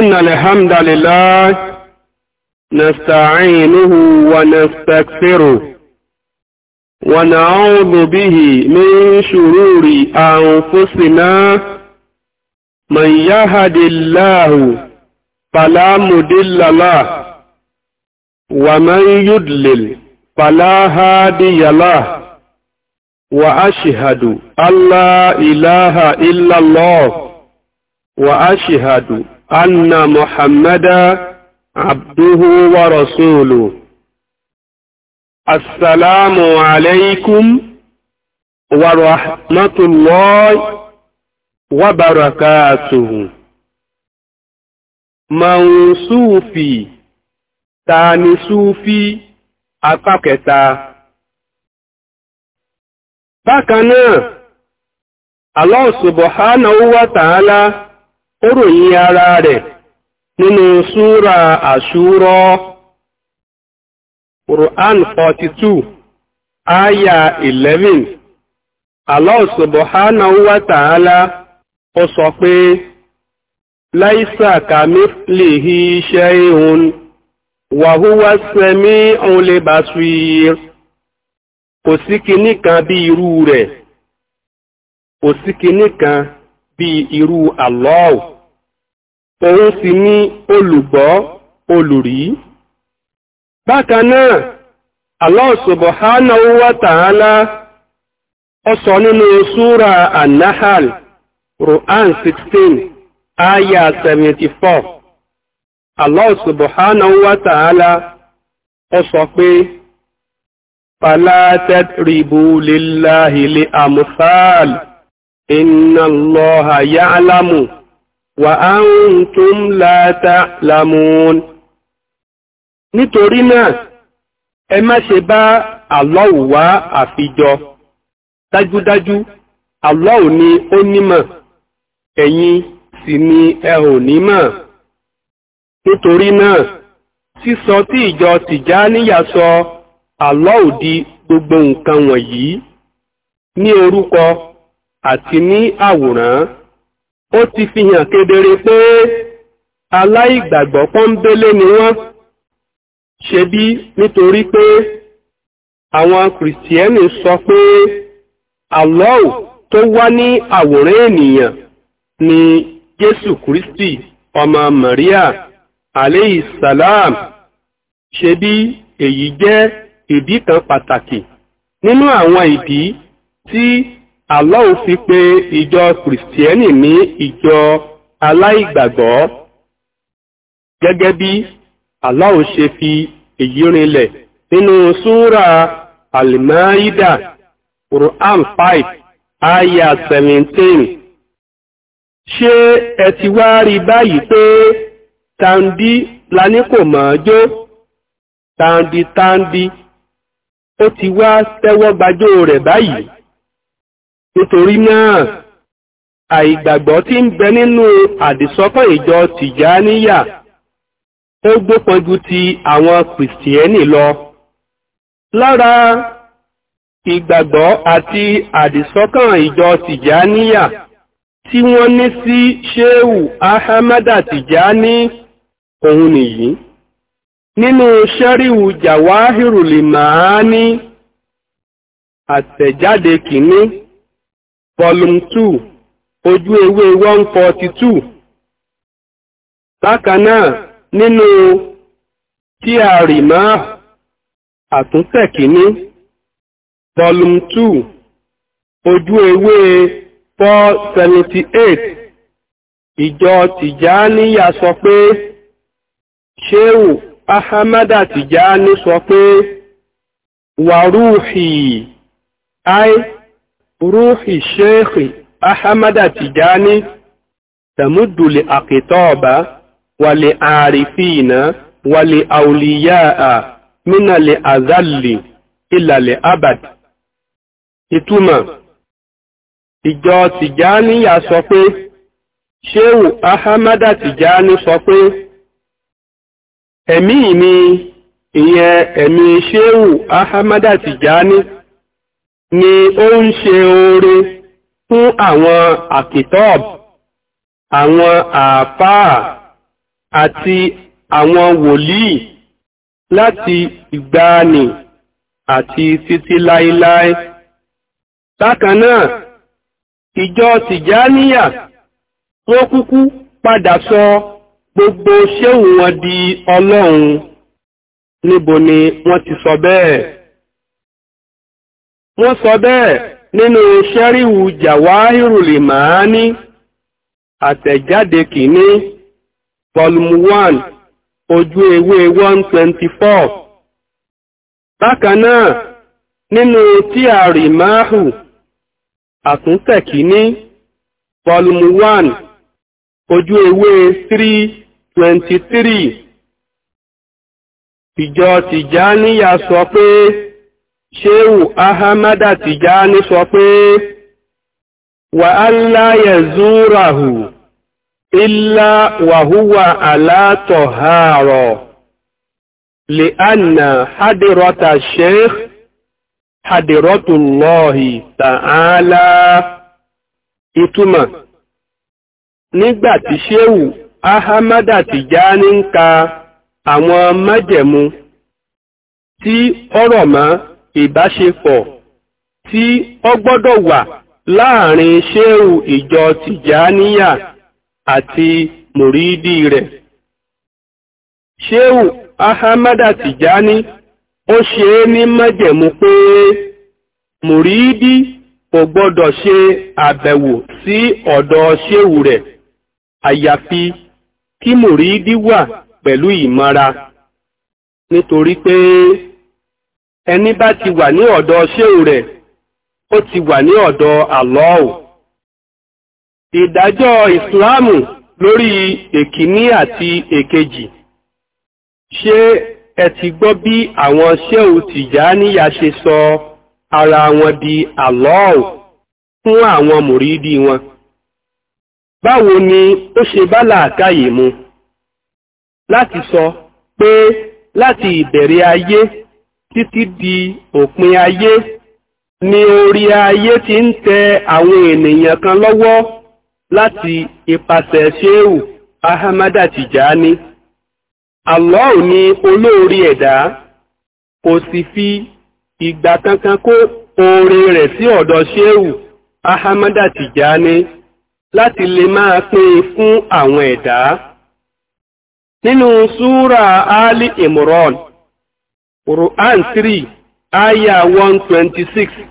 إن الحمد لله نستعينه ونستكفره ونعوذ به من شرور أنفسنا من يهد الله فلا مدل له ومن يدلل فلا هادي له وأشهد أن لا إله إلا الله وأشهد ana mohamad abduhuwa rasulu asalamalehikum warmatụlọ wabarakat manwe sopi taanị supi atapeta bakana alọsbụ ha na ụwa taala ó ròyìn ara rẹ̀ nínú súra àṣúrọ́ Quran 42 aya 11 Allah subhanahu wà ta'ala ó sọ pé láìsà kamithlihi shay'un wa huwa as-sami'ul basir kò sí kinní kan bí irú rẹ̀ kò sí kinní kan bíi irú àlọ́ọ̀ òun sì ni olùgbọ́ olùrí bákan náà Allah subhanahu wa ta'ala ó sọ nínú súra 16 aya 74 Allah subhanahu wa ta'ala ó sọ pé fala tadribu lillahi إن الله يعلم وأنتم لا تعلمون nítorí náà ẹ má ṣe bá Allahu wá àfijọ dájúdájú Allahu ni ó nímọ̀ sì ni ẹ N'itori nímọ̀ nítorí náà sísọ tí ìjọ Tìjàníyà sọ gbogbo nǹkan wọ̀nyí ní àti ní àwòrán ó ti fi hàn kedere pé aláìgbàgbọ́ pọ́ńbélé ni wọ́n ṣebí nítorí pé àwọn kìrìsìtẹ́nì sọ pé Allah tó wá ní àwòrán ènìyàn ni Jésù Kristi ọmọ Maria, aleyhi salam ṣebí èyí jẹ́ ìdí kan pàtàkì nínú àwọn ìdí tí Allah ò fi pé ìjọ kìrìsìtẹ́nì ní ìjọ aláìgbàgbọ́ gẹ́gẹ́ bí Allah ò ṣe fi èyí rinlẹ̀ nínú súra Al-Maida Quran 5 aya 17 ṣé ẹ ti wá rí báyìí pé tàǹdí lani kò mọ̀ ọ́ jó tàǹdí tàǹdí ó ti wá tẹ́wọ́ gbajó rẹ̀ báyìí nítorí náà àìgbàgbọ́ tí ń bẹ nínú àdìsọ́kàn ìjọ tìjáníyà ó gbópọn ju ti àwọn kìrìsìtìẹ́nì lọ lára ìgbàgbọ́ àti àdìsọ́kàn ìjọ tìjáníyà tí wọ́n ní sí ṣéhù ahamada tìjáni òun nìyí nínú ṣẹ́ríwù jàwáhìrù àtẹ̀jáde kìíní volume two ojú ewé one forty two bákan náà nínú tíàrí máa àtúntẹ̀ kìíní volume two ojú ewé four seventy eight ìjọ tìjáníyà sọ pé sheu ahamada tìjáni sọ pé wàrúhì ai روح الشيخ أحمد تجاني تمد لأقطاب ولعارفين ولأولياء من الأذل إلى الأبد ìtumọ̀ ìjọ tìjáníyà sọ pé ṣéwù ahamada tìjáni sọ pé ẹ̀mí mi ìyẹn ẹ̀mí ṣéwù ahamada tìjáni ni ó ń ṣe oore fún àwọn àkìtọ́b àwọn àáfàá àti àwọn wòlíì láti ìgbàanì àti títí láíláí bákan náà ìjọ tìjáníyà wọ́n kúkú padà sọ gbogbo ṣéhùn wọn di ọlọ́run níbo ni wọ́n ti sọ bẹ́ẹ̀ wọ́n sọ bẹ́ẹ̀ nínú ṣẹ́ríwù jàwáhírùlì màání àtẹ̀jáde kìíní volume one ojú ewé 124 bákan náà nínú tíàrí máàhù àtúntẹ̀ kìíní volume 1 ojú ewé three ìjọ tìjá níyà sọ pé Ṣéhù Ahamada Tijani sọ pé, Wà aláyẹ̀ zúràhù, illá wàhúwà alátọ̀hárọ̀, lè ánà hádìrọta ṣeéh, hádìrọtùlọ́hì tààlá. Ìtumọ̀ Nígbàtí Ṣéhù Ahamada Tijani ń ka àwọn májẹ̀mú tí ọrọ̀ máa ìbáṣepọ̀ tí ó gbọ́dọ̀ wà láàrin ṣéhù ìjọ tìjàníyà àti mùrídì rẹ̀. ṣéhù ahamada tìjání ó ṣe é ní májẹ̀mú pé mùrídì kò gbọ́dọ̀ ṣe àbẹ̀wò sí ọ̀dọ̀ ṣéhù rẹ̀ àyàfi kí mùrídì wà pẹ̀lú ìmọ̀ra nítorí pé ẹni bá ti wà ní ọ̀dọ̀ ṣéù rẹ̀ ó ti wà ní ọ̀dọ̀ àlọ́ọ̀ ìdájọ́ ìsìláàmù lórí èkíní àti èkejì ṣé ẹ ti gbọ́ bí àwọn ṣéù tìjàníyà ṣe sọ ara wọn di àlọ́ọ̀ fún àwọn mùrídì wọn báwo ni ó ṣe bá làákàyè mu láti sọ pé láti ìbẹ̀rẹ̀ ayé títí di òpin ayé ni orí ayé ti ń tẹ àwọn ènìyàn kan lọ́wọ́ láti ipasẹ̀ Ṣéhù Ahamada Tijani Allah ni olórí ẹ̀dá kò sì fi ìgbà kankan kó oore rẹ̀ sí ọ̀dọ̀ Ṣéhù Ahamada Tijani láti lè máa pín in fún àwọn ẹ̀dá nínú súra Ali Imran Quran 3 aya 126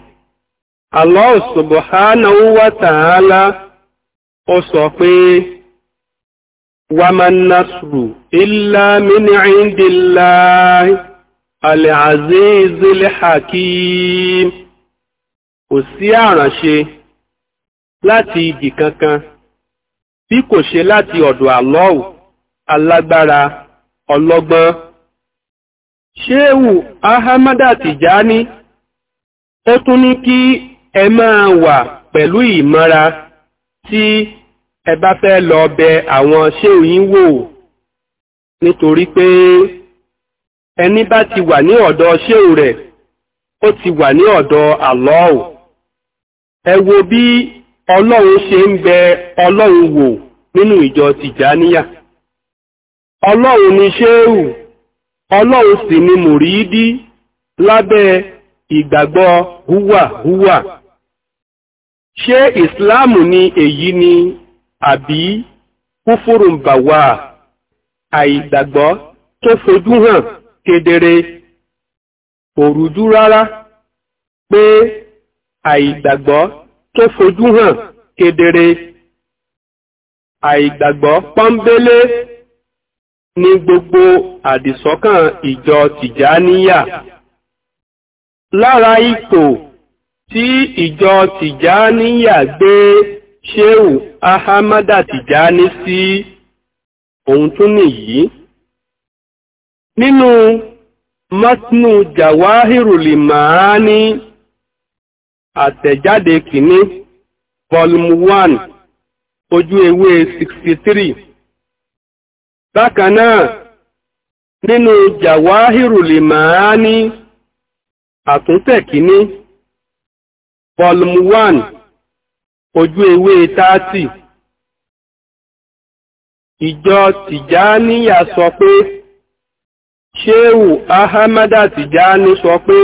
Allah subhanahu wa ta'ala ó sọ pé waman nasru illa min indillahi al-azizil hakim kò sí àránṣe láti ibì kankan bí kò ṣe láti ọ̀dọ̀ Allah alágbára ọlọ́gbọ́n ṣéwù ahamada tìjáni ó tún ní kí ẹ máa wà pẹ̀lú ìmọ́ra tí ẹ bá fẹ́ lọ bẹ àwọn Ṣéèwù yín wò nítorí pé ẹni bá ti wà ní ọ̀dọ̀ Ṣéèwù rẹ̀ ó ti wà ní ọ̀dọ̀ àlọ́ọ̀ ẹ wo bí ọlọ́run ṣe ń bẹ ọlọ́run wò nínú ìjọ tìjáníyà ọlọ́run ni Ṣéèwù. ọlọ́run sì ni mùrídí lábẹ́ ìgbàgbọ́ húwà húwà ṣé ìsìláàmù ni èyí ni àbí kúfúrùn bàwà àìgbàgbọ́ tó fojú hàn kedere kò rújú rárá pé àìgbàgbọ́ tó fojú hàn kedere àìgbàgbọ́ pọ́nbélé ní gbogbo àdìsọ́kàn ìjọ tìjáníyà lára ipò tí ìjọ tìjáníyà gbé ṣéhù ahamada tìjání sí ohun tún nìyí nínú matnu jawahirul ní àtẹ̀jáde kìíní vol 1 ojú ewé 63 bákan náà nínú jawahirul ní àtúntẹ̀ kìíní vol 1 ojú ewé 30 ìjọ tìjáníyà sọ pé ṣéhù ahamada tìjáni sọ pé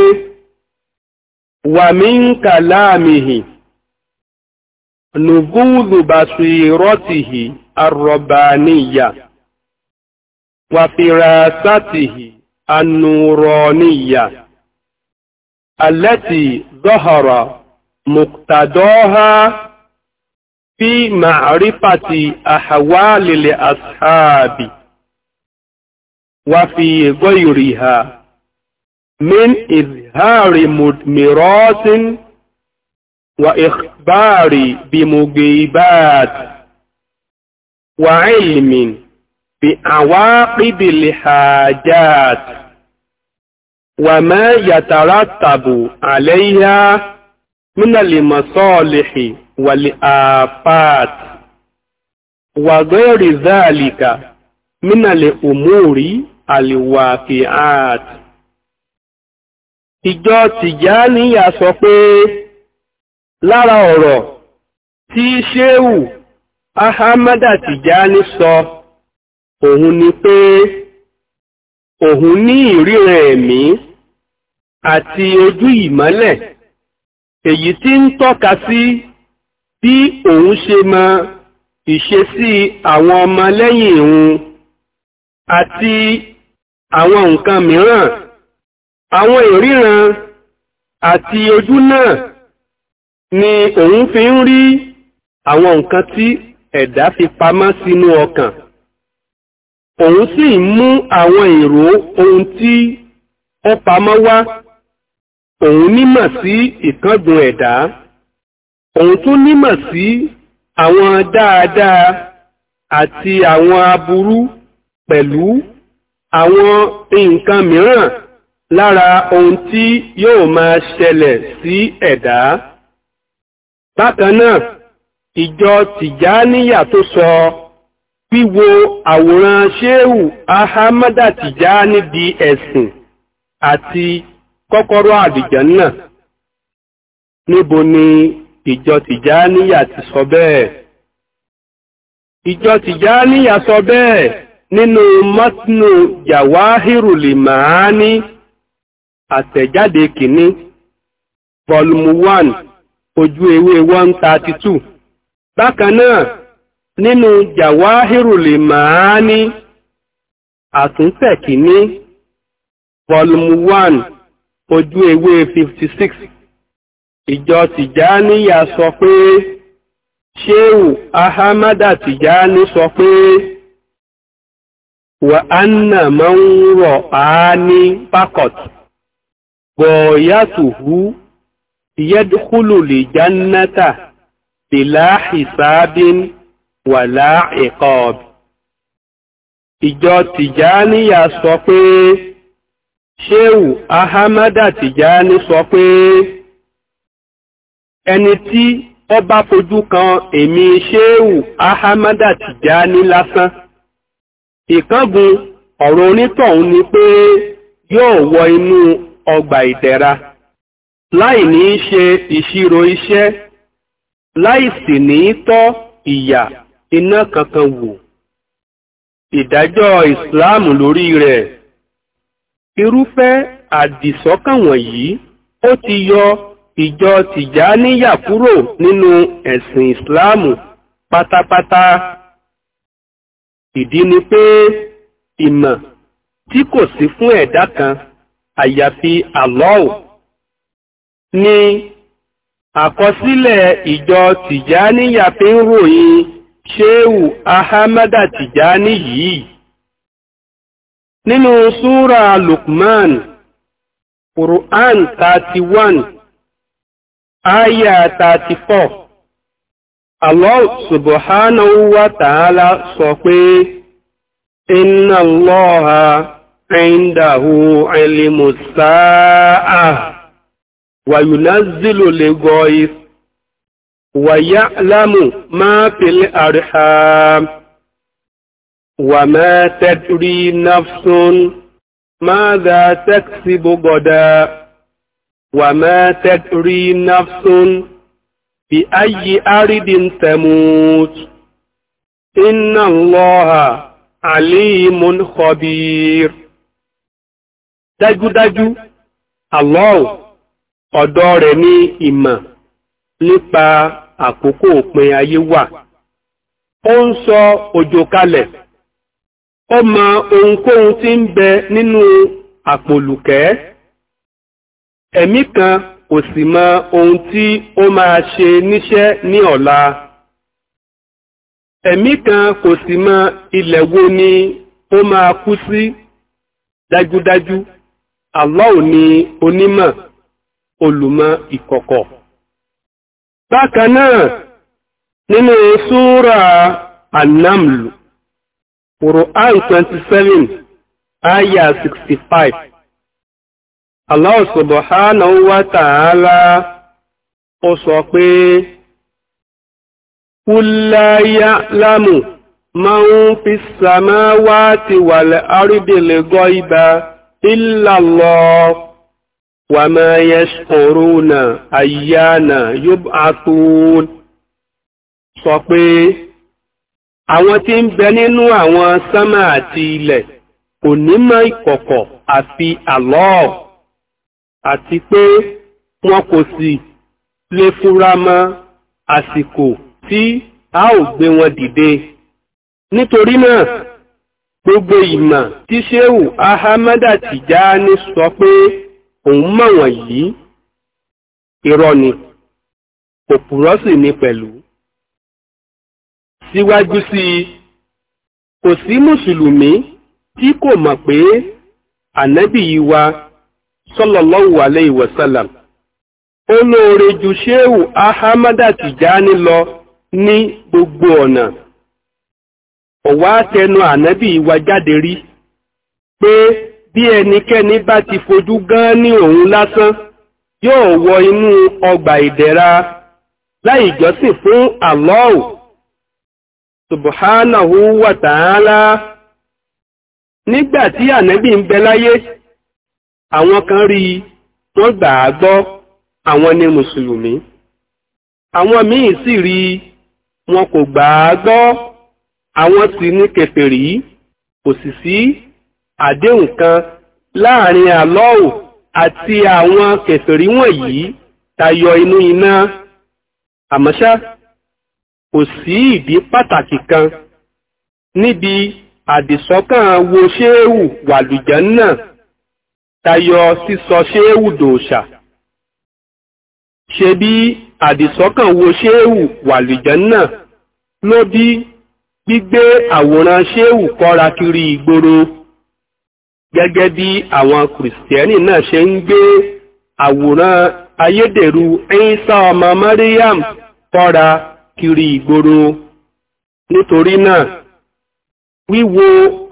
wàmín kàláàmìhì nùbúùdù bàṣírọ́tìhì arọ̀bàníyà وفراسته النورانية التي ظهر مقتداها في معرفة أحوال الأصحاب وفي غيرها من إظهار مدمرات وإخبار بمجيبات وعلم بأواقب الحاجات وما يترتب عليها من المصالح والآفات وغير ذلك من الأمور الواقعات ìjọ tìjáníyà sọ pé lára ọ̀rọ̀ tí ṣéhù ahamada tìjáni sọ so, òun ni pé òun ní ìríran ẹ̀mí àti ojú ìmọ́lẹ̀ èyí tí ń tọ́ka sí bí òun ṣe mọ ìṣesí àwọn ọmọ lẹ́yìn òun àti àwọn nǹkan mìíràn àwọn ìríran àti ojú náà ni òun fi ń rí àwọn nǹkan tí ẹ̀dá fi pamọ́ sínú ọkàn òun sì ń mú àwọn èrò ohun tí ó pamọ́ wá òun nímọ̀ sí ìkángun ẹ̀dá òun tún nímọ̀ sí àwọn dáadáa àti àwọn aburú pẹ̀lú àwọn nǹkan mìíràn lára ohun tí yóò máa ṣẹlẹ̀ sí ẹ̀dá bákan náà ìjọ tìjáníyà tó sọ so, wíwo àwòrán Ṣéhù Ahamada Tijani di ẹ̀sìn àti kọ́kọ́rọ́ àlùjánnà níbo ni ìjọ Tìjáníyà ti sọ bẹ́ẹ̀ ìjọ Tìjáníyà sọ bẹ́ẹ̀ nínú mọ́tínú Jawahiru Limaani àtẹ̀jáde kìíní volume one ojú ewé one thirty two bákan náà nínú jawahirul maani àtúntẹ̀ kìíní volume one ojú ewé fifty six ìjọ tìjáníyà sọ pé ṣéwù ahamada tìjáni sọ pé wà ánà máa ń rọ̀ á ní pakot bọ̀yàtùhú yẹ́dúkúlù lè jánátà bìlá wàlá ìkọ́ọ̀b. ìjọ tìjáníyà sọ pé ṣéwù ahamada tìjáni sọ pé ẹni tí ọ bá fojú kan èmi ṣéwù ahamada tìjáni lásán ìkángun ọ̀rọ̀ onítọ̀hún ni pé yóò wọ inú ọgbà ìdẹ̀ra láì ní ṣe ìṣirò iṣẹ́ láì sì iná kankan wò ìdájọ́ ìsìláàmù lórí rẹ̀ irúfẹ́ àdìsọ́kàn wọ̀nyí ó ti yọ ìjọ tìjáníyà kúrò nínú ẹ̀sìn ìsìláàmù pátápátá ìdí ni pé ìmọ̀ tí kò sí fún ẹ̀dá kan àyàfi àlọ́ọ̀ ni àkọsílẹ̀ ìjọ tìjáníyà fi ń ròyìn ṣéhù ahamada tìjáni yìí nínú súra lukman quran 31 aya 34 allah subhanahu wa ta'ala sọ pé inna allaha indahu ilmu sa'a wa yunazzilu lighayth ويعلم ما في الأرحام وما تدري نفس ماذا تكسب غدا وما تدري نفس بأي أرض تموت إن الله عليم خبير دجو دجو الله ọ̀dọ̀ rẹ̀ ní ìmọ̀ nípa àkókò òpin ayé wà ó ń sọ òjò kalẹ̀ ó mọ ohunkóhun tí ń bẹ nínú àpòlùkẹ́ ẹ̀mí kan kò sì mọ ohun tí ó máa ṣe níṣẹ́ ní ọ̀la ẹ̀mí kan kò sì mọ ilẹ̀ wo ni ó máa kú sí dájúdájú Allah ni onímọ̀ olùmọ̀ ìkọ̀kọ̀. bákan náà nínú súra annamlu Quran 27 aya 65 Allah subhanahu wa ta'ala ó sọ pé kúlá ma man fi ti wal ardi al-ghaiba illa Allah وما يشعرون أيانا يبعثون sọ pé àwọn tí ń bẹ nínú àwọn sánmà àti ilẹ̀ kò ní mọ ìkọ̀kọ̀ àfi Allah àti pé wọn kò sì lè fura mọ àsìkò tí a ò gbé wọn dìde nítorí náà gbogbo ìmọ̀ tí Shehu Ahmada Tijani sọ pé òun mọ̀ wọ̀nyí irọ́ ni òpùrọ́ sì ni pẹ̀lú síwájú sí i kò sí mùsùlùmí tí kò mọ̀ pé ànábì yìí wa sallallahu alayhi ó lóore ju ṣéhù ahamada tìjáni lọ ní gbogbo ọ̀nà ọ̀wá tẹnu ànábì yìí wa jáde rí pé bí ẹnikẹ́ni bá ti fojú gán ní òun lásán yóò wọ inú ọgbà ìdẹ̀ra láì fún Àlọ́ọ̀. subhanahu wa ta'ala nígbà tí ànẹ́bí ń bẹ láyé àwọn kan rí i wọ́n gbà á gbọ́ àwọn ni mùsùlùmí àwọn míì sì rí wọn kò gbà á gbọ́ àwọn sì ní kèfèrí kò sì sí àdéhùn kan láàrin àlọ́ọ̀ àti àwọn kèfèrí wọ̀nyí tayọ inú iná àmọ́ṣá kò sí ìdí pàtàkì kan níbi àdìsọ́kàn wo ṣéèwù wàlùjẹ́ náà tayọ sísọ ṣéèwù dòòṣà ṣe bí àdìsọ́kàn wo ṣéèwù wàlùjẹ́ náà ló bí gbígbé àwòrán ṣéèwù kọ́ra kiri ìgboro. gẹ́gẹ́ bí àwọn kìrìsìtẹ́nì náà ṣe ń gbé àwòrán ayédèrú Ìsá ọmọ Mariam kọ́ra kiri ìgboro nítorí náà wíwo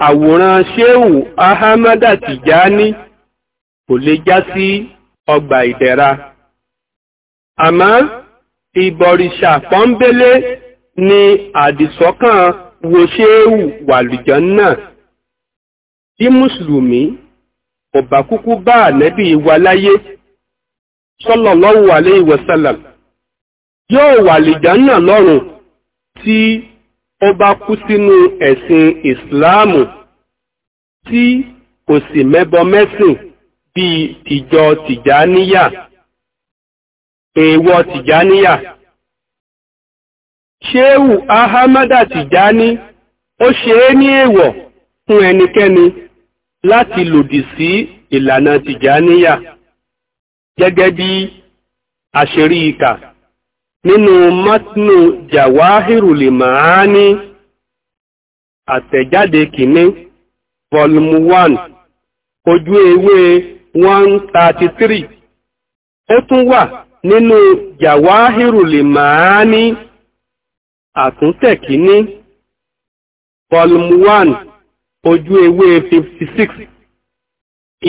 àwòrán Ṣéhù Ahamada ní kò lè já sí ọgbà ìdẹ̀ra àmọ́ ìbọ̀rìṣà pọ́ńbélé ni àdìsọ́kàn wo Ṣéhù wàlùjọ́ náà bí mùsùlùmí kò bá kúkú bá ànẹ́bí wa láyé sallallahu alayhi wa sallam yóò wà lìjánà lọ́rùn tí ó bá kú sínú ẹ̀sìn ìsìláàmù tí kò sì mẹ́bọ mẹ́sìn bíi tìjọ tìjáníyà èèwọ̀ tìjáníyà ṣéhù ahamada tìjání ó ṣe é ní èèwọ̀ fún ẹnikẹ́ni láti lòdì sí ìlànà tìjàníyà gẹ́gẹ́ bí àṣírí ìkà nínú mátínú jàwáhìrùlì màání àtẹ̀jáde kìíní volume 1 ojú ewé 133 ó tún wà nínú jàwáhìrùlì màání àtúntẹ̀ kìíní volume 1 ojú ewé 56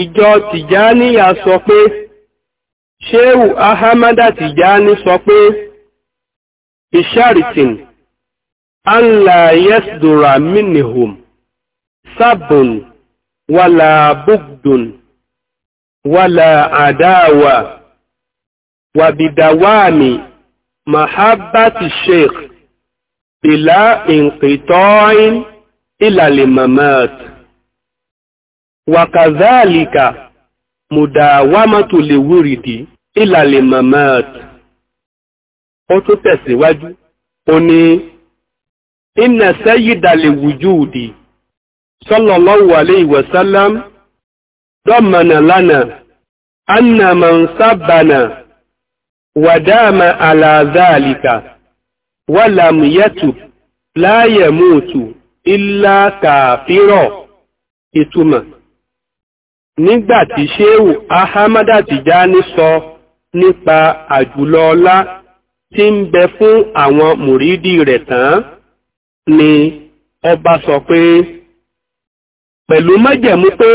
ìjọ tìjáníyà sọ pé ṣéhù ahamada tìjáni sọ pé ìṣàrìtìn anla yesdura minihum sabun wala bugdun wala adawa wabidawami mahabbati sheikh bila inqita'in إلى الممات وكذلك مداومة الورد إلى الممات ó tún tẹ̀síwájú ó ní iná sẹ́yìdàlẹ̀ wùjúùdì sallallahu alayhi wa sallam dọ́mọ̀nà lánàá annàmọ̀ sábànà wàdáàmà àlàázáàlìkà wàlàmùyẹ́tù láyẹ̀mùtù ilá kàfírọ̀ ìtumọ̀ nígbà tí ṣéhù ahamada tijani sọ nípa àjùlọ ọlá tí ń bẹ fún àwọn mùrídì rẹ̀ tán ni ọba sọ pé pẹ̀lú májẹ̀mú pé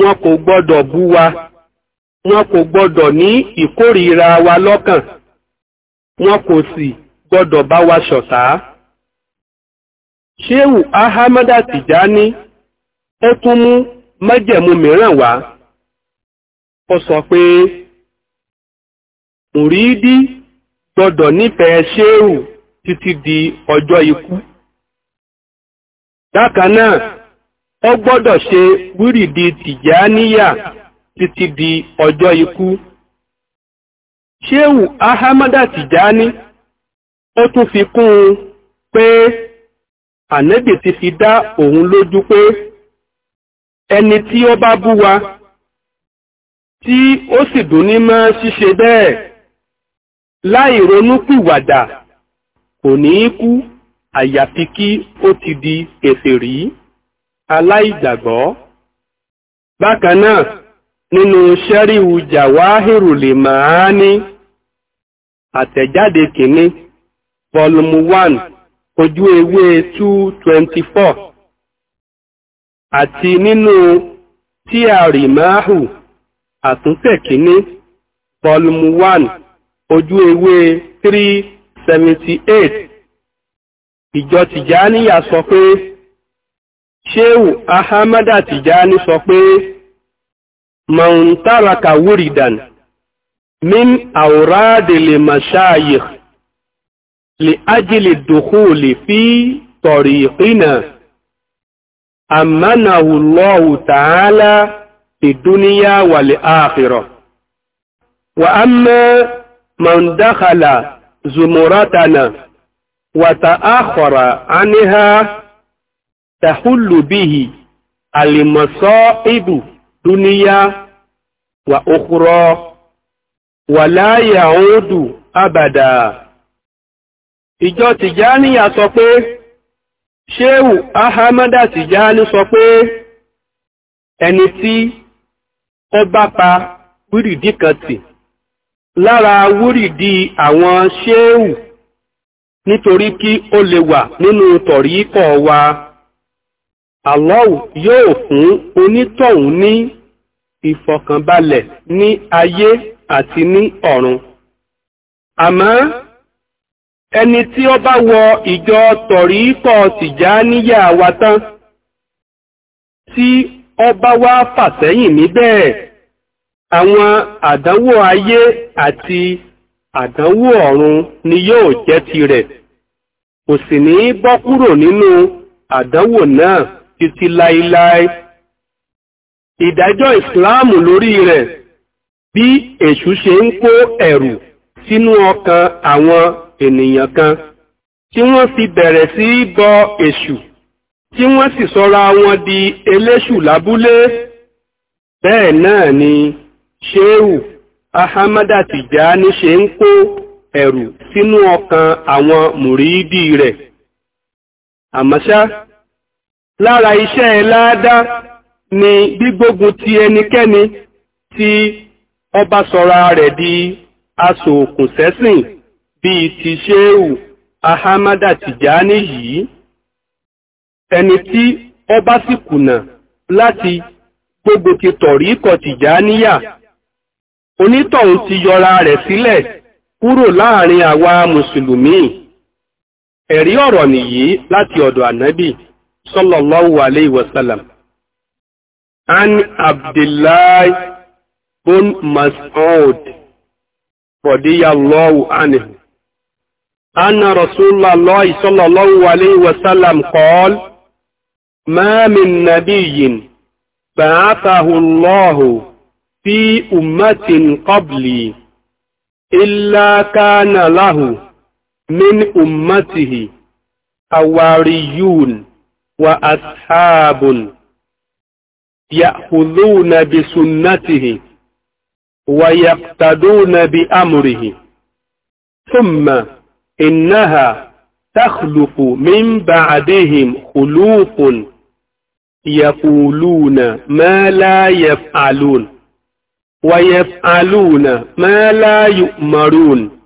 wọn kò gbọ́dọ̀ bú wa wọn kò gbọ́dọ̀ ní ìkórìíra wa lọ́kàn wọn kò sì gbọ́dọ̀ bá wa ṣọ̀tá. ṣéwù ahamada tìjání ó tún mú májẹ̀mú mìíràn wá ọ sọ pé mùrídí gbọdọ̀ nífẹ̀ẹ́ ṣéwù títí di ọjọ́ ikú bákan náà ọ gbọ́dọ̀ ṣe wírìdì tìjàníyà títí di ọjọ́ ikú ṣéwù ahamada tìjání ó tún fi kún un pé ànẹ́bì ti fi dá òun lójú pé ẹni tí ó bá bú wa tí ó sì dùn ní mọ́ ṣíṣe bẹ́ẹ̀ láì ronúpìwàdà kò ní í kú àyàfi kí ó ti di kèfèrí aláìgbàgbọ́. bákan náà nínú sẹ́ríwù jàwáhìrù lè máa ní àtẹ̀jáde kìíní volume one ojú ewé 224 àti nínú tí a rí máàhù àtúntẹ̀ kìíní volume 1 ojú ewé 378 ìjọ tìjáníyà sọ pé ṣéhù ahamada tìjáni sọ pé mọ̀ntàràkà wúrìdàn min àwòrán àdèlè màṣáyìí لأجل الدخول في طريقنا أمنه الله تعالى في الدنيا والآخرة وأما من دخل زمرتنا وتأخر عنها تحل به المصائب دنيا وأخرى ولا يعود أبداً ìjọ tìjáníyà sọ pé ṣéhù ahamada tìjáni sọ pé ẹni tí ó bá pa wúrìdí kan tì lára wúrìdí àwọn ṣéhù nítorí kí ó lè wà nínú tọ̀ríkọ̀ wa Allah yóò fún onítọ̀hún ní ìfọ̀kànbalẹ̀ ní ayé àti ní ọ̀run àmọ́ ẹni tí ó bá wọ ìjọ tọ̀ríkọ̀ tìjáníyà wa tán tí ó bá wá fàsẹ́yìn níbẹ̀ àwọn àdánwò ayé àti àdánwò ọ̀run ni yóò jẹ́ tirẹ̀ kò sì ní bọ́ kúrò nínú àdánwò náà títí láíláí ìdájọ́ ìsìláàmù lórí rẹ̀ bí èṣù ṣe ń kó ẹ̀rù sínú ọkàn àwọn ènìyàn kan tí wọ́n fi bẹ̀rẹ̀ sí í bọ èṣù tí wọ́n sì sọra wọn di eléṣù lábúlé bẹ́ẹ̀ náà ni Ṣéhù Ahamada Tijani ṣe ń kó ẹ̀rù sínú ọkàn àwọn mùrídì rẹ̀ àmọ́ṣá lára iṣẹ́ ẹ̀ ni gbígbógun ti ẹnikẹ́ni tí ọba sọra rẹ̀ di asòòkùnsẹ́sìn bíi ti ṣéhù ahamada tìjáni yìí ẹni tí ó bá sì kùnà láti gbogbo ti tọ̀rí ikọ̀ tìjáníyà onítọ̀hún ti yọra rẹ̀ sílẹ̀ kúrò láàrin àwa mùsùlùmí ẹ̀rí ọ̀rọ̀ nìyí láti ọ̀dọ̀ ànábì sallallahu alayhi wa sallam an abdullahi bin mas'ud radiyallahu anhu أن رسول الله صلى الله عليه وسلم قال ما من نبي بعثه الله في أمة قبلي إلا كان له من أمته أواريون وأصحاب يأخذون بسنته ويقتدون بأمره ثم إنها تخلق من بعدهم خلوق يقولون ما لا يفعلون ويفعلون ما لا يؤمرون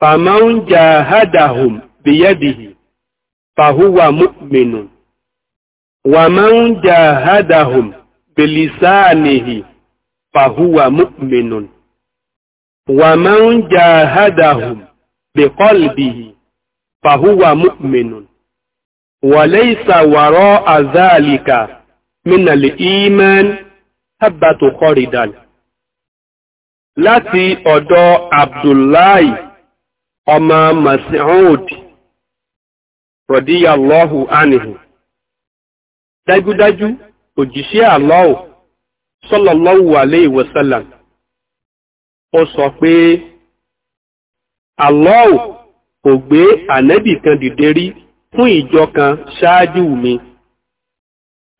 فمن جاهدهم بيده فهو مؤمن ومن جاهدهم بلسانه فهو مؤمن ومن جاهدهم bẹ̀kọ́lìbìhì fàhúwà mọ́mìnù wọ̀lẹ́ ìsàwárọ̀ àzáàlìkà mínàlì ìmán hábàtò kọ́rìdàn láti ọ̀dọ̀ abdullahi ọmọ mas'ud rọ̀díyàlọ́hù ánìhù dájúdájú òjíṣẹ́ àlọ́hù sọ́lọ́lọ́hù àlẹ́ ìwọ̀sálàm ó sọ pé Allah kò gbé ànẹ́bì kan dìde rí fún ìjọ kan ṣáájú mi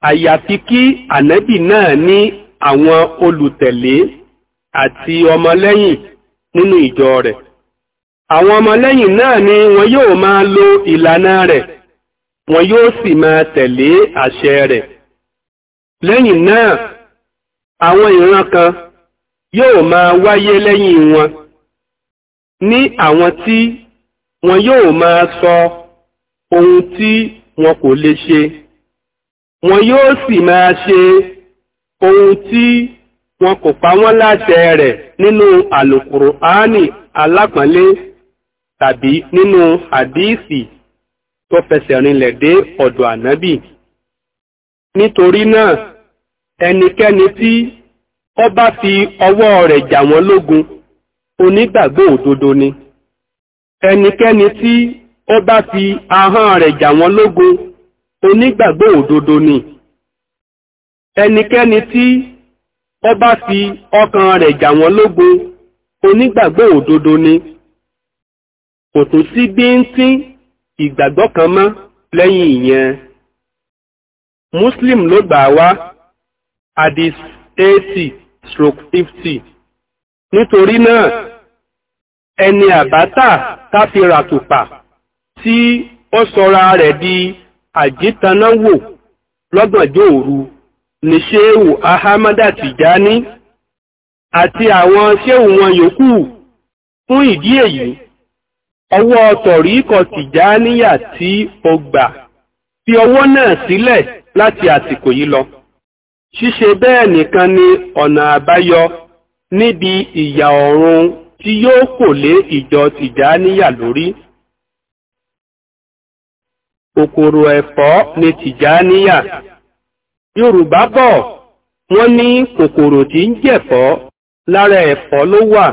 àyàfi kí ànẹ́bì náà ní àwọn olùtẹ̀lé àti ọmọlẹ́yìn nínú ìjọ rẹ̀ àwọn ọmọlẹ́yìn náà ni wọn yóò máa lo ìlànà rẹ̀ wọn yóò sì máa tẹ̀lé àṣẹ rẹ̀ lẹ́yìn náà àwọn ìran kan yóò máa wáyé lẹ́yìn wọn ní àwọn tí wọn yóò máa sọ ohun tí wọn kò lè ṣe wọn yóò sì máa ṣe ohun tí wọn kò pa wọ́n láṣẹ rẹ̀ nínú àlùkùránì alápọ̀nlé tàbí nínú àdíìsì tó fẹsẹ̀ rinlẹ̀ dé ọ̀dọ̀ ànábì nítorí náà ẹnikẹ́ni tí ó bá fi ọwọ́ rẹ̀ jà wọ́n lógun onígbàgbọ́ òdodo ni ẹnikẹ́ni tí ó bá fi ahọ́n rẹ̀ jà wọ́n lógun onígbàgbọ́ òdodo ni ẹnikẹ́ni tí ó bá fi ọkàn rẹ̀ jà wọ́n lógun onígbàgbọ́ òdodo ni kò tún sí bíntín ìgbàgbọ́ kan mọ́ lẹ́yìn ìyẹn Muslim ló gbà wá hadith eighty stroke nítorí náà ẹni àbátà táfira tùpà tí ó sọra rẹ̀ di àjítanáwò lọ́gànjọ́ òru ní ṣéhù ahamada tìjáni àti àwọn ṣéhù wọn yòókù fún ìdí èyí ọwọ́ tọ̀ríkọ̀ tìjáníyà tí ó gbà fi ọwọ́ náà sílẹ̀ láti àsìkò yìí lọ ṣíṣe bẹ́ẹ̀ nìkan ni ọ̀nà àbáyọ níbi ìyà ọ̀run tí yóò kò lé ìjọ tìjáníyà lórí kòkòrò ẹ̀fọ́ ni tìjáníyà yorùbá bọ̀ wọ́n ní kòkòrò tí ń jẹ̀fọ́ lára ẹ̀fọ́ ló wà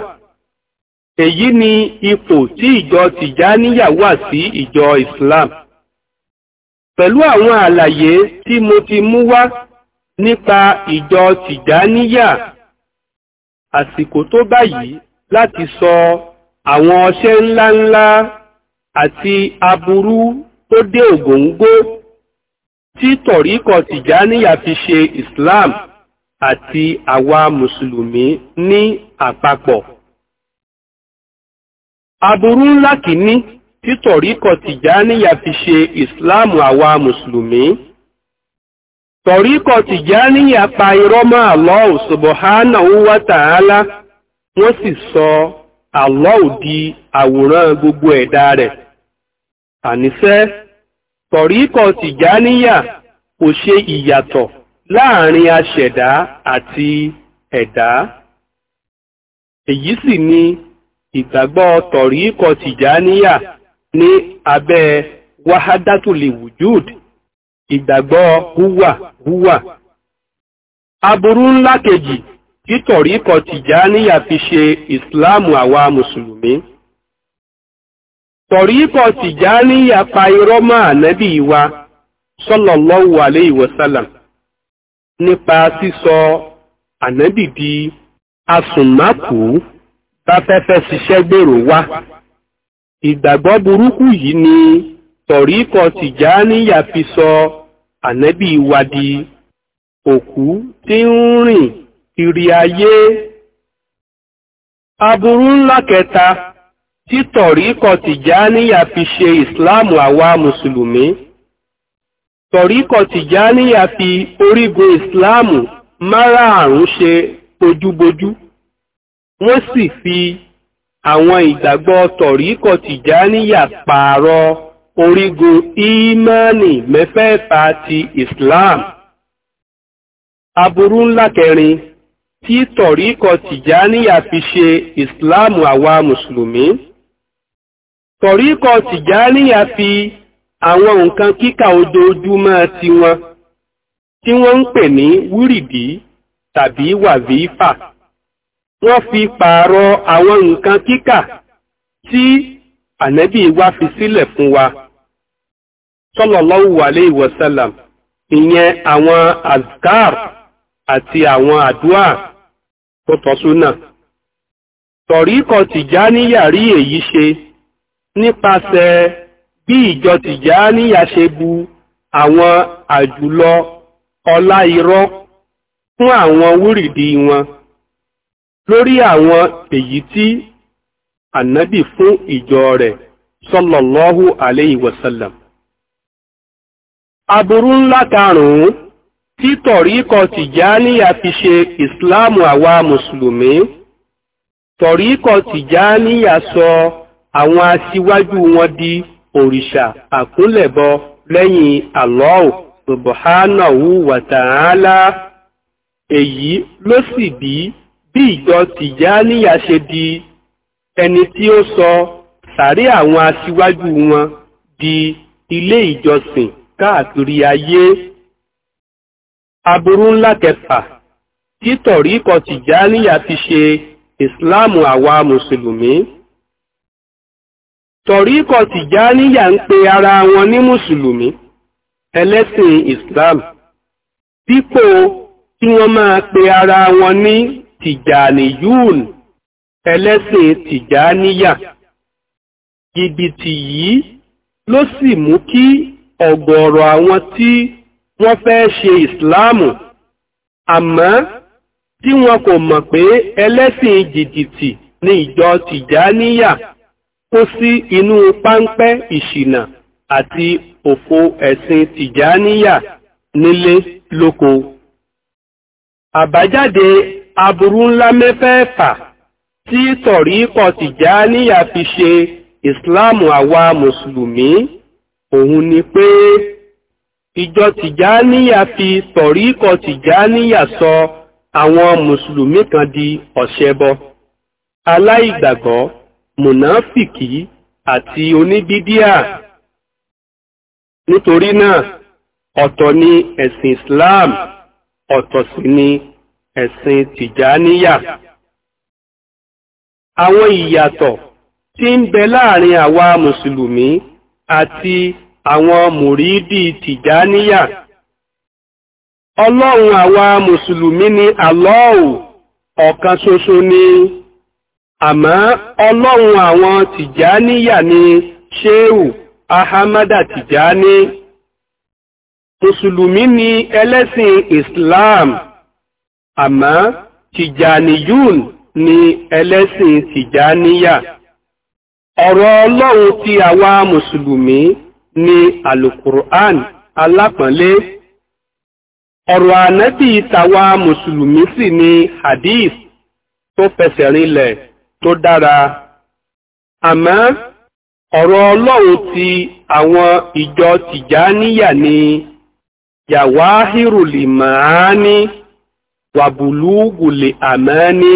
èyí ni ipò tí ìjọ tìjáníyà wà sí ìjọ islam pẹ̀lú àwọn àlàyé tí mo ti mú wá nípa ìjọ tìjáníyà àsìkò tó báyìí láti sọ àwọn ọṣẹ́ ńláńlá àti aburú tó dé ògóńgó tí tọ̀ríkọ̀ tìjáníyà fi ṣe Islam àti àwa mùsùlùmí ní àpapọ̀. aburú ńlá kìíní tí tọ̀ríkọ̀ tìjáníyà fi ṣe Islam àwa mùsùlùmí tọ̀ríkọ̀ tìjáníyà pa irọ́ mọ́ Allah subhanahu wa ta'ala wọ́n sì sọ Allah di àwòrán gbogbo ẹ̀dá rẹ̀ àníṣẹ́ tọ̀ríkọ̀ tìjáníyà kò ṣe ìyàtọ̀ láàrin aṣẹ̀dá àti ẹ̀dá èyí sì ni ìgbàgbọ́ tọ̀ríkọ̀ tìjáníyà ní abẹ́ wahadatul wujud ìgbàgbọ́ húwà húwà. aburú ńlá kejì tí tìjá tìjáníyà fi ṣe ìsìláàmù àwa mùsùlùmí. tìjá tìjáníyà pa irọ́ mọ́ ànábì wa sallallahu alayhi nípa sísọ ànábì di asùnmákù táfẹ́fẹ́ ṣiṣẹ́ gbèrò wá. ìgbàgbọ́ burúkú yìí ni fi sọ ànábì wa di òkú tí ń rìn kiri ayé aburú ńlá kẹta tí tọ̀ríkọ̀ tìjáníyà fi ṣe ìsìláàmù àwa mùsùlùmí tọ̀ríkọ̀ tìjáníyà fi orígun ìsìláàmù márààrún ṣe bojúbojú wọ́n sì fi àwọn ìgbàgbọ́ tọ̀ríkọ̀ tìjáníyà pààrọ̀ orígun ìmánì mẹ́fẹ̀ẹ̀fà ti Islam aburú ńlá kẹrin tí tọ̀ríkọ̀ tìjáníyà fi ṣe Islam àwa mùsùlùmí tọ̀ríkọ̀ tìjáníyà fi àwọn nǹkan kíkà ojoojúmọ́ tiwọn tí wọ́n ń pè ní wúrìdí tàbí wàvífà wọ́n fi pààrọ̀ àwọn nǹkan kíkà tí ànábì wa fi sílẹ̀ fún wa sallallahu alayhi wa sallam ìyẹn àwọn azkar àti àwọn àdúà tó tọ́súnà tọ̀ríkọ̀ tìjáníyà rí èyí ṣe nípasẹ̀ bí ìjọ tìjáníyà ṣe bu àwọn àjùlọ ọlá irọ́ fún àwọn wúrìdì wọn lórí àwọn èyí tí ànábì fún ìjọ rẹ̀ sallallahu alayhi wa sallam. aburú ńlá karùn-ún tí tọ̀ríkọ̀ tìjáníyà fi ṣe ìsìláàmù àwa mùsùlùmí tọ̀ríkọ̀ tìjáníyà sọ àwọn aṣíwájú wọn di òrìṣà àkúnlẹ̀bọ lẹ́yìn Allah subhanahu wa ta'ala èyí ló sì bí bí ìjọ tìjáníyà ṣe di ẹni tí ó sọ sàárè àwọn aṣíwájú wọn di ilé ìjọsìn káàkiri ayé. aburú ńlá kẹfà tí tọ̀ríkọ̀ tìjáníyà fi ṣe ìsìláàmù àwa mùsùlùmí. tọ̀ríkọ̀ tìjáníyà ń pe ara wọn ní mùsùlùmí ẹlẹ́sìn islam dípò tí wọ́n máa pe ara wọn ní tìjànìyún ẹlẹ́sìn tìjáníyà jìbìtì yìí ló sì mú kí ọ̀gọ̀ọ̀rọ̀ àwọn tí wọ́n fẹ́ ṣe ìsìláàmù àmọ́ tí wọn kò mọ̀ pé ẹlẹ́sìn jìbìtì ní ìjọ tìjáníyà kó sí inú páńpẹ́ ìṣìnà àti òfò ẹ̀sìn tìjáníyà nílé lóko àbájáde aburú ńlá mẹ́fẹ̀ẹ̀fà tí tọ̀ríkọ̀ tìjáníyà fi ṣe ìsìláàmù àwa mùsùlùmí òun ni pé ìjọ tìjáníyà fi tọ̀ríkọ̀ tìjáníyà sọ àwọn mùsùlùmí kan di ọ̀ṣẹbọ aláìgbàgbọ́ mùnáfìkì àti oníbídíà nítorí náà ọ̀tọ̀ ni ẹ̀sìn islam ọ̀tọ̀ sì ni ẹ̀sìn tìjáníyà àwọn ìyàtọ̀ tí ń bẹ láàrin àwa mùsùlùmí àti àwọn mùrídì tìjáníyà ọlọ́run àwa mùsùlùmí ni àlọ́ọ̀hù ọ̀kan ṣoṣo ni àmọ́ ọlọ́run àwọn tìjáníyà ni ṣéhù ahamada tìjání mùsùlùmí ni ẹlẹ́sìn islam àmọ́ tìjàníyùn ni ẹlẹ́sìn tìjáníyà ọ̀rọ̀ ọlọ́run ti àwa mùsùlùmí ni alukur'an alápọ̀nlé ọ̀rọ̀ ànábì tàwa mùsùlùmí sì ni hadith tó fẹsẹ̀ rinlẹ̀ tó dára àmọ́ ọ̀rọ̀ ọlọ́run ti àwọn ìjọ tìjáníyà ni yàwáhírùlì màání wàbùlùgùlì àmání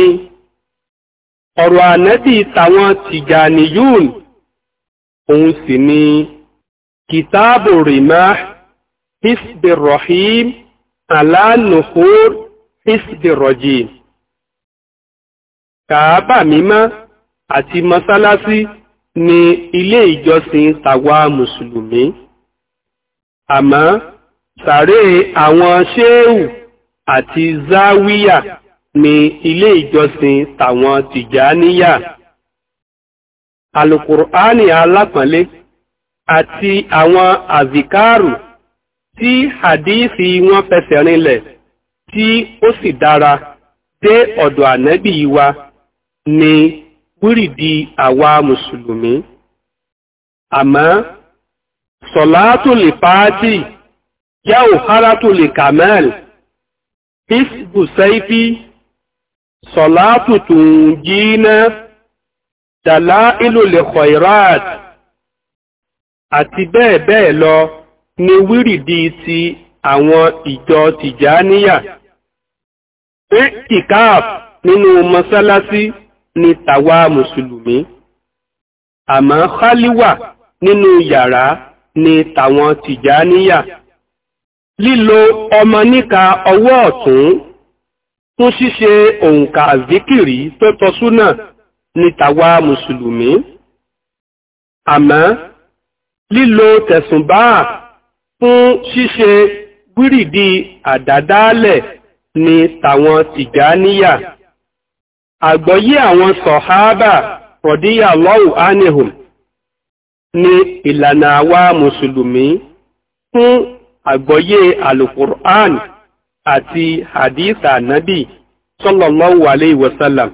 ọ̀rọ̀ ànẹ́bì tàwọn tìjànìyún òun sì ni kìtàbù rìmá hisbi rahim alanuhur hisbi rajim kàábà mímọ́ àti mọ́sálásí ni ilé ìjọsìn tàwa mùsùlùmí àmọ́ sàréè àwọn ṣéèwù àti záwíyà ni ilé ìjọsìn tàwọn tìjàníyà alukur'ani alápọ̀nlé àti àwọn àzìkáàrù tí hadithi wọn fẹsẹ̀ rinlẹ̀ tí ó sì dára dé ọ̀dọ̀ ànábì wa ni wírìdì àwa mùsùlùmí àmọ́ sọ̀látù lè fàájì yáò hárátù lè kàmẹ́ẹ̀lì hizbu saifi صلاة تنجينا دلائل الخيرات àti bẹ́ẹ̀ bẹ́ẹ̀ lọ ni wírìdì ti àwọn ìjọ tìjáníyà ìkàf nínú mọ́sálásí ni tàwa mùsùlùmí àmọ́ khaliwa nínú yàrá ni tàwọn tìjáníyà lílo ọmọ níka ọwọ́ ọ̀tún tó ṣíṣe òǹkà zikiri tó tọ́ súnà ní tàwa mùsùlùmí àmọ́ lílo tẹ̀sùnbáà fún ṣíṣe wírìdì àdádálẹ̀ ní tàwọn tìgáníyà àgbọ́yé àwọn sọ̀háábà rọ̀díyà lọ́wù ánihùn ní ìlànà àwa mùsùlùmí fún àgbọ́yé àlùkùránì àti hadith ànábì sallallahu alayhi wa sallam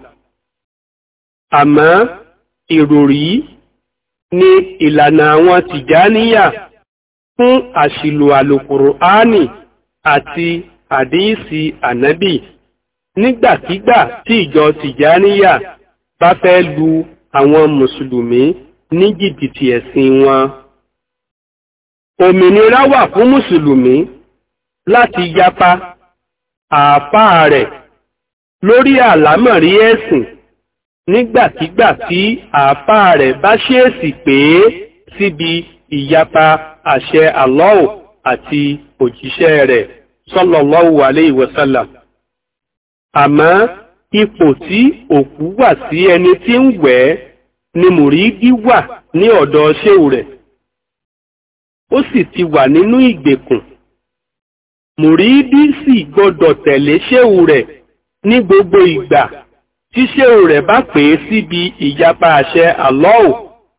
àmọ́ ìròrí ni ìlànà àwọn tìjáníyà fún àṣìlò àlòkùránì àti hadisi ànábì nígbàkígbà tí ìjọ tìjáníyà bá fẹ́ lu àwọn mùsùlùmí ní jìbìtì ẹ̀sìn wọn òmìnira wà fún mùsùlùmí láti yapa àáfàá rẹ̀ lórí àlámọ̀rí ẹ̀sìn nígbàkigbà tí àáfàá rẹ̀ bá ṣèèsì pé síbi ìyapa àṣẹ Allahu àti òjíṣẹ́ rẹ̀ sallallahu alayhi wa sallam. àmọ́ ipò tí òkú wà sí ẹni tí ń wẹ̀ ni mùrídí wà ní ọ̀dọ̀ ṣéwù rẹ̀ ó sì ti wà nínú ìgbèkùn mùrídì si gbọdọ tẹ̀lé ṣéwù rẹ̀ ní gbogbo ìgbà tí ṣéwù rẹ̀ bá pè é síbi ìyapa àṣẹ àlọ́ọ̀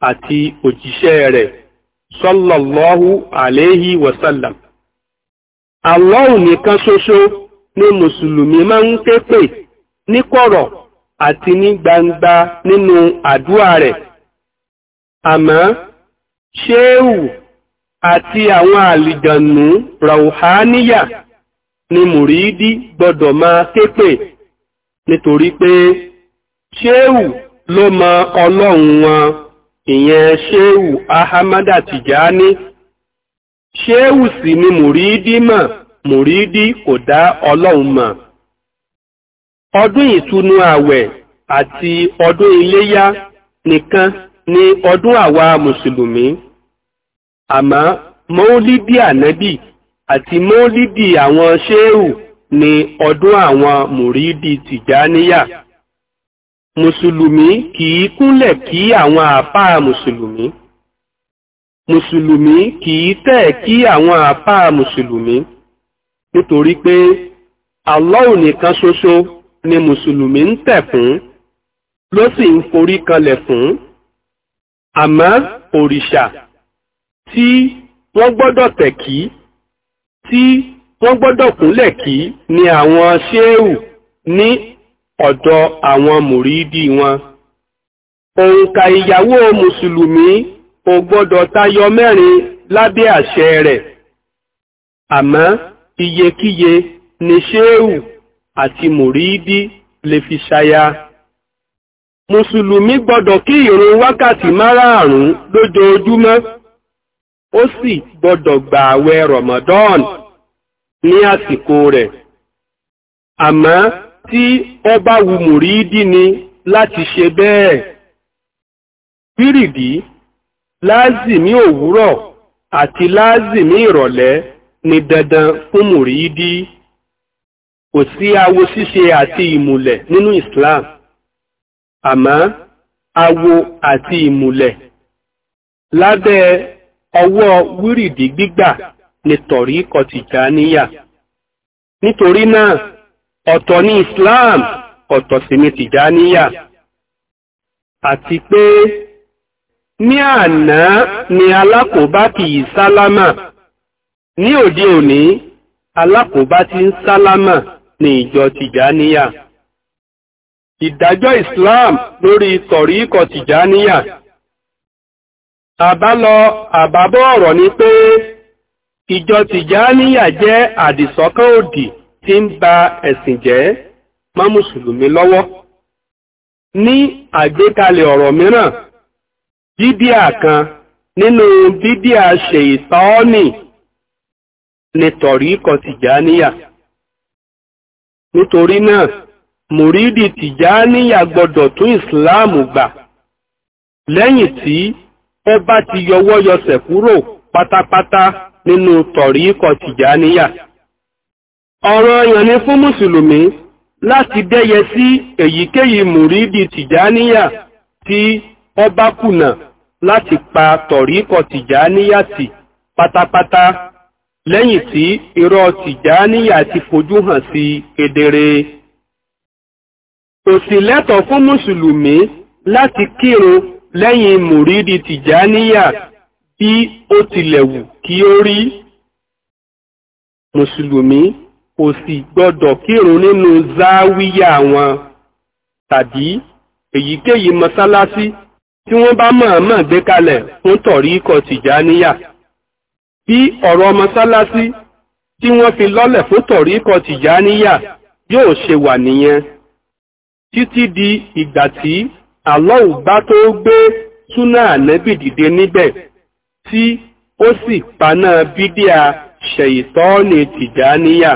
àti òjíṣẹ́ rẹ̀ sọ́lọ̀lọ́hù àléhì wọ̀sálàm. àlọ́ọ̀ nìkan ṣoṣo ni mùsùlùmí máa ń ké pè gbangba nínú àdúrà rẹ̀. àmọ́ ṣéwù àti àwọn àlìjànú ràùháníyà ni mùrídí gbọ́dọ̀ máa képè nítorí pé ṣéwù ló mọ ọlọ́run wọn ìyẹn ṣéwù ahamada tìjáni ṣéwù sì ni mùrídí mọ̀ mùrídí kò dá ọlọ́run mọ̀ ọdún ìtúnu àwẹ̀ àti ọdún iléyá nìkan ni ọdún àwa mùsùlùmí àmọ́ mọ́lídì ànábì àti mọ́lídì àwọn ṣéhù ni ọdún àwọn mùrídì tìjáníyà mùsùlùmí kìí kúnlẹ̀ kí àwọn àáfàá mùsùlùmí mùsùlùmí kìí tẹ̀ kí àwọn àáfàá mùsùlùmí nítorí pé Allahu nìkan ṣoṣo ni mùsùlùmí ń tẹ̀ fún ló sì ń forí kanlẹ̀ fún àmọ́ òrìṣà tí wọ́n gbọ́dọ̀ tẹ̀ kí tí wọ́n gbọ́dọ̀ kúnlẹ̀ kí ni àwọn ṣéhù ní ọ̀dọ̀ àwọn mùrídìí wọn. òǹkà ìyàwó mùsùlùmí kò gbọ́dọ̀ tayọ mẹ́rin lábẹ́ àṣẹ rẹ̀ àmọ́ iyekíye ni ṣéhù àti mùrídí lè fi ṣaya. mùsùlùmí gbọ́dọ̀ kí ìrun wákàtí márààrún lójoojúmọ́ ó sì gbọ́dọ̀ gba àwẹ̀ Ramadan ní àsìkò rẹ̀ àmọ́ tí ó bá wù mùrídì ni láti ṣe bẹ́ẹ̀ bírìdì láàzìmí òwúrọ̀ àti láàzìmí ìrọ̀lẹ́ ni dandan fún mùrídì kò sí awo ṣíṣe àti ìmùlẹ̀ nínú Islam àmọ́ awo àti ìmùlẹ̀ lábẹ́ ọwọ́ wírìdì gbígbà ni tọ̀ríkọ Tìjàníyà nítorí náà ọ̀tọ̀ ní Islam ọ̀tọ̀ sì ni Tìjàníyà àti pé ní àná ni alákòóbá kì í sálámà ní òdí òní alákòóbá ti ń sálámà ní ìjọ Tìjàníyà ìdájọ́ Islam lórí tọ̀ríkọ Tìjàníyà àbálọ àbábọ̀ ọ̀rọ̀ ni pé ìjọ tìjáníyà jẹ́ àdìsọ́kàn òdì tí ń ba ẹ̀sìn jẹ́ mọ́ mùsùlùmí lọ́wọ́ ní àgbékalẹ̀ ọ̀rọ̀ mìíràn bídíà kan nínú bídíà ṣe ìtọ́ọ́nì ni tọ̀ríkọ̀ tìjáníyà nítorí náà mùrídì tìjáníyà gbọ́dọ̀ tún ìsìláàmù gbà lẹ́yìn tí ó bá ti yọwọ́ yọsẹ̀ kúrò pátápátá nínú tọ̀ríkọ̀ tìjáníyà. ọ̀rọ̀ yàn ni fún mùsùlùmí láti dẹ́yẹ sí èyíkéyìí mùrídìí tìjáníyà tí ó bá kùnà láti pa tọ̀ríkọ̀ tìjáníyà tì pátápátá lẹ́yìn tí irọ́ tìjáníyà ti fojú hàn sí kedere. kò sì lẹ́tọ̀ọ́ fún mùsùlùmí láti kírun lẹ́yìn mùrídì tìjáníyà bí ó tilẹ̀ wù kí ó rí mùsùlùmí kò sì gbọ́dọ̀ kírun nínú záwíyà wọn tàbí èyíkéyìí mọ́sálásí tí wọ́n bá mọ̀ọ́mọ̀ gbé kalẹ̀ fún tọ̀rí ikọ̀ tìjáníyà bí ọ̀rọ̀ mọ́sálásí tí wọ́n fi lọ́lẹ̀ fún tọ̀rí ikọ̀ tìjáníyà yóò ṣe wà nìyẹn títí di ìgbà tí Allah bá tó gbé súnà ànábì dìde níbẹ̀ tí ó sì paná bídíà ṣèyítọ́ọ̀nì tìjáníyà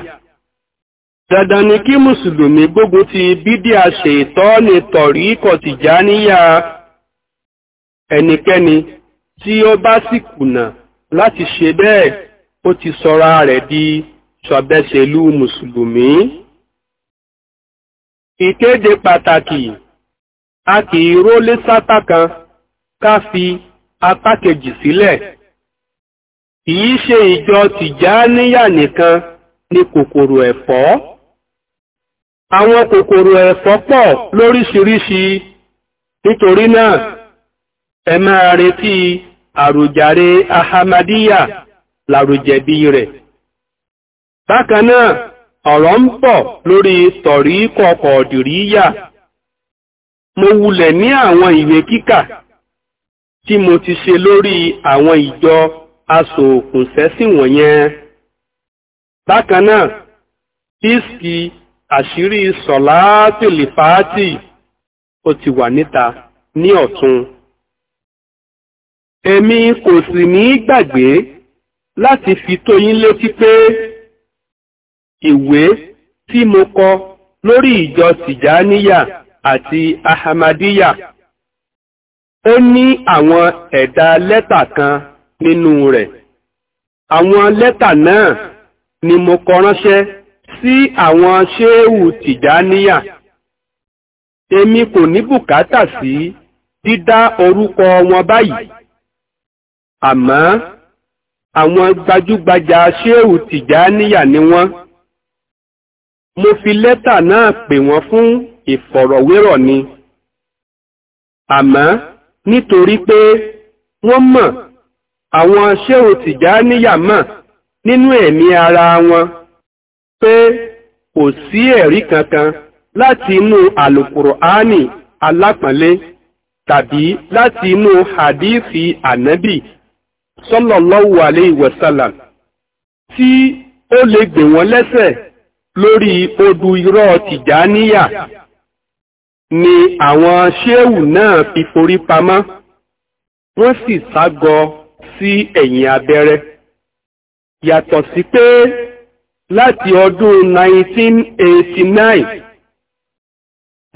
dandan ni kí mùsùlùmí gbógun ti bídíà ṣèyítọ́ọ̀nì tọ̀ríkọ̀ tìjáníyà ẹnikẹ́ni tí ó bá sì kùnà láti ṣe bẹ́ẹ̀ ó ti sọra rẹ̀ di ṣọ̀bẹ́ṣẹ̀lú mùsùlùmí ìkéde pàtàkì a kì í rólé sátá kan ká fi apá kejì sílẹ̀ kì í ṣe ìjọ tìjáníyà nìkan ni kòkòrò ẹ̀fọ́ àwọn kòkòrò ẹ̀fọ́ pọ̀ lóríṣiríṣi nítorí náà ẹ máa retí àròjàre ahamadiya làròjẹ̀bi rẹ̀ bákan náà ọ̀rọ̀ ń pọ̀ lórí tọ̀rí kọkọ̀ọ̀dìríyà mo wulẹ̀ ní àwọn ìwé kíkà tí mo ti ṣe lórí àwọn ìjọ asòòkùnṣẹ́sìn wọ̀nyẹn. bákan náà díìsì àṣírí sọ̀láátìlì fàátì ó ti wà níta ní ọ̀tún. èmi kò sì ní gbàgbé láti fi tó yín létí pé ìwé tí mo kọ lórí ìjọ tìjáníyà àti Ahmadiyya ó ní àwọn ẹ̀dà lẹ́tà kan nínú rẹ̀ àwọn lẹ́tà náà ni mo kọ ránṣẹ́ sí àwọn ṣéèwù tìjáníyà èmi kò ní bùkátà sí dídá orúkọ wọn báyìí àmọ́ àwọn gbajúgbajà ṣéèwù tìjáníyà ni wọ́n mo fi lẹ́tà náà pè wọ́n fún ìfọ̀rọ̀wérọ̀ ni àmọ́ nítorí pé wọ́n mọ̀ àwọn ṣéhù tìjáníyà mọ̀ nínú ẹ̀mí ara wọn pé kò sí ẹ̀rí kankan láti inú àlùkùránì alápọ̀nlé tàbí láti inú hadithi ànábì sallallahu alayhi wa sallam tí ó lè gbè wọ́n lẹ́sẹ̀ lórí odù irọ́ tìjáníyà ni àwọn ṣéwù náà fi forí pamọ́ wọ́n sì ságọ sí ẹ̀yìn abẹ́rẹ́ yàtọ̀ sí pé láti ọdún 1989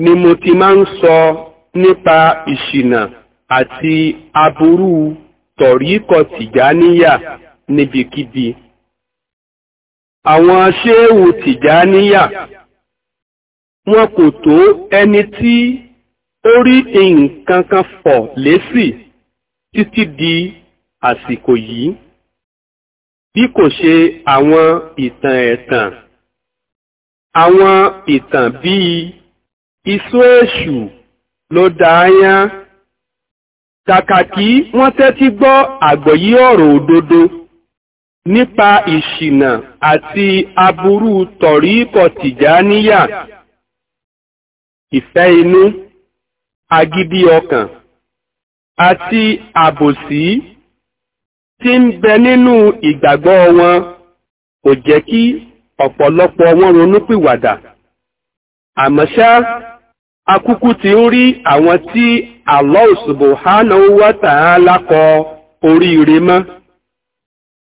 ni mo ti máa ń sọ nípa ìṣìnà àti aburú tọ̀ríkọ̀ tìjáníyà níbikíbi àwọn ṣéwù tìjáníyà wọn kò tó ẹni tí ó rí nǹkan kan fọ̀ lésì títí di àsìkò yìí bí kò ṣe àwọn ìtàn ẹ̀tàn àwọn ìtàn bíi iṣu èṣù ló dáyán kàkà kí wọ́n tẹ́tí gbọ́ àgbọ́yé ọ̀rọ̀ òdodo nípa ìṣìnà àti aburú tọ̀ríkọ̀ tìjáníyà ìfẹ́ inú agídí ọkàn àti àbòsí tí ń bẹ nínú ìgbàgbọ́ wọn kò jẹ́ kí ọ̀pọ̀lọpọ̀ wọn ronúpìwàdà àmọ́ṣá akúkú ti ń rí àwọn tí Allah subhanahu wa ta'ala kọ oríire mọ́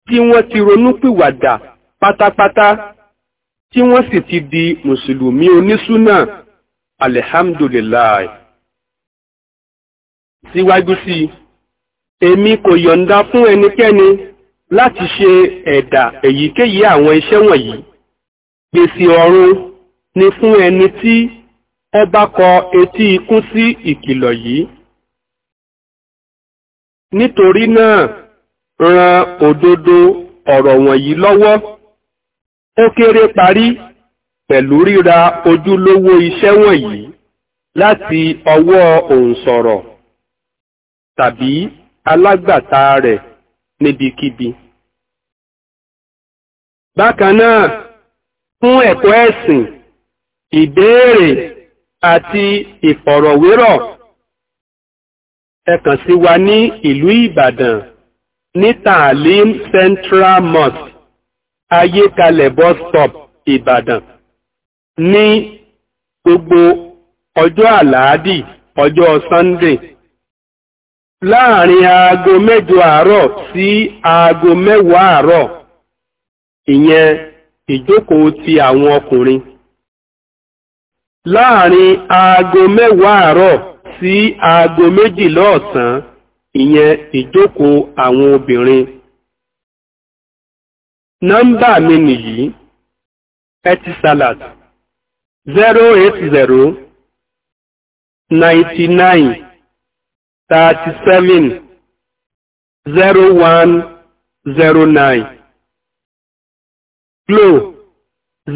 tí wọ́n ti ronúpìwàdà pátápátá tí wọ́n sì ti di mùsùlùmí onísúnà alihamdulilayi síwájú sí èmi kò yọ̀ǹda fún ẹnikẹ́ni láti ṣe ẹ̀dà èyíkéyìí àwọn iṣẹ́ wọ̀nyí gbèsè ọ̀run ni fún ẹni tí ó bá kọ etí ikún sí ìkìlọ̀ yìí nítorí náà ran òdodo ọ̀rọ̀ wọ̀nyí lọ́wọ́ ó kéré parí pẹ̀lú ríra ojúlówó iṣẹ́ wọ̀nyí láti ọwọ́ òǹsọ̀rọ̀ tàbí alágbàtà rẹ̀ níbikíbi. Bákan náà, fún ẹ̀kọ́ ẹ̀sìn, ìbéèrè àti ìfọ̀rọ̀wérọ̀ ẹ sí wa ní ìlú Ìbàdàn ní Taalim Central Mosque ayékalẹ̀ bus stop Ìbàdàn. ní gbogbo ọjọ́ àlàádì ọjọ́ sunday láàrin aago mẹ́jọ àárọ̀ sí aago mẹ́wàá àárọ̀ ìyẹn ìjókòó ti àwọn ọkùnrin láàrin aago mẹ́wàá àárọ̀ sí aago méjìlá ọ̀sán ìyẹn ìjókòó àwọn obìnrin nọ́mbà mi nìyí etisalat zero eight zero ninety nine thirty seven zero one zero nine flow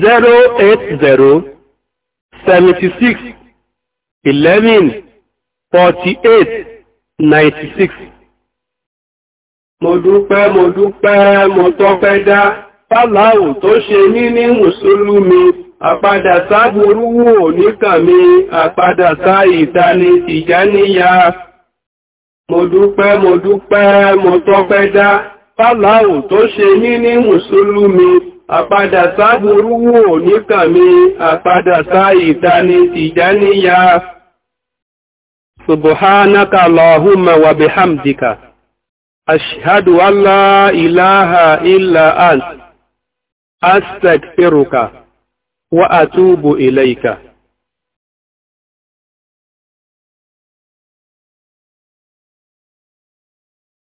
zero eight zero seventy six eleven forty eight ninety six. mo dúpẹ́ mo dúpẹ́ mo tọ́pẹ́ dá fáláwù tó ṣe ní mùsùlùmí àpadà sáàbùrúwò níkàmí àpadà sáà ìtaní tìjáníyà mo dúpẹ́ mo dúpẹ́ mo tọ́pẹ́ dá fáláhù tó ṣe ní ní mùsùlùmí àpadà sáàbùrúwò níkàmí àpadà sáà ìtaní tìjáníyà subhanaka allahumma wa bihamdika ashhadu an la ilaha illa ant astaghfiruka وأتوب إليك